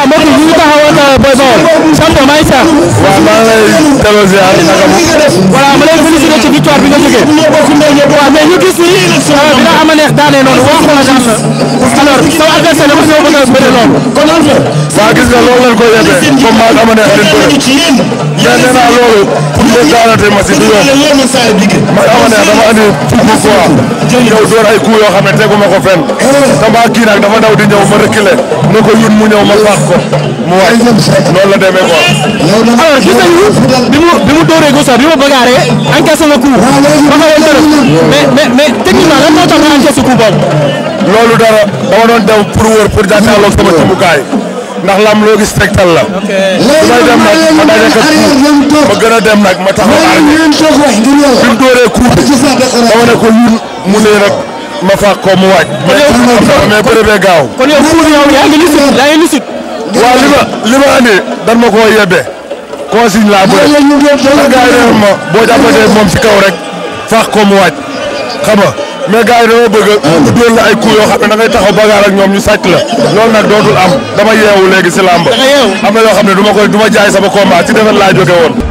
voilà mbokk yi ñu ngi taxawoon Boy Baol champion maa ngi saa. waaw maa ngi lay delloo ziar naka mu. voilà ma lay félicité ci victoire bi nga jógee. waaw mais ñu gis ni bi euh, nga am a neex daanee noonu waaw xoolal daan la alors sama adversaire dafa ñëw bëgg a bëri loolu. waaw gis nga loolu lañ koy yebee comme maa am a neex dañ koy mais nee naa loolu. boo daanatee ma si du yoon man ama yoo xam ne tegu ma ko fenn sama kii nag dafa daw di ñëw ma reculer ne ko mu ñëw ma faat ko mu waay noonu la demee quoi. alors ah, gis nañu bi mu bi mu dooree gosa bi ma bagarree encaissé na coup ba ma woon dërëm mais mais mais techniquement lan moo tax loolu dara dama doon dem pour wër pour jàkkaarloog sama cimukaay ndax lam loo gis tegtal la. ok may dem nag ma daje ko gën a dem nag ma taxaw aar bi mu dooree kuul dama ne ko yun mu ne ma fàq mu waaj. mais bëri gaaw. kon yow li ma li dan ma koo yebbee. consigne laa bëre. moom si kaw rek fàq ko mu waaj xam nga mais gars yi dama bëgg a dóor la ay coups yoo xam ne da ngay taxaw bagaar ak ñoom ñu sàcc la loolu nag dootul am dama yeewu léegi si làmb am na yoo xam ne duma ko duma jaay sama combat ci defet laa jóge woon